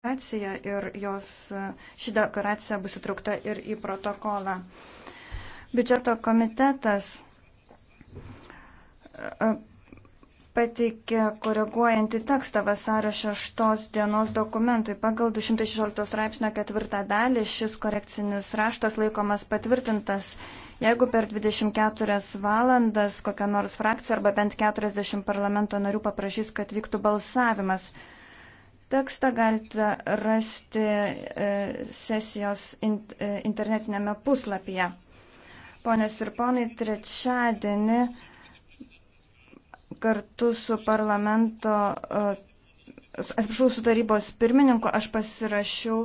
deklaracija ir jos, ši deklaracija bus įtraukta ir į protokolą. Biudžeto komitetas e, pateikė koreguojantį tekstą vasario 6 dienos dokumentui. Pagal 216 straipsnio ketvirtą dalį šis korekcinis raštas laikomas patvirtintas, jeigu per 24 valandas kokia nors frakcija arba bent 40 parlamento narių paprašys, kad vyktų balsavimas. Tekstą galite rasti e, sesijos e, internetinėme puslapyje. Ponės ir ponai, trečiadienį kartu su parlamento, e, atsiprašau, su tarybos pirmininku aš pasirašiau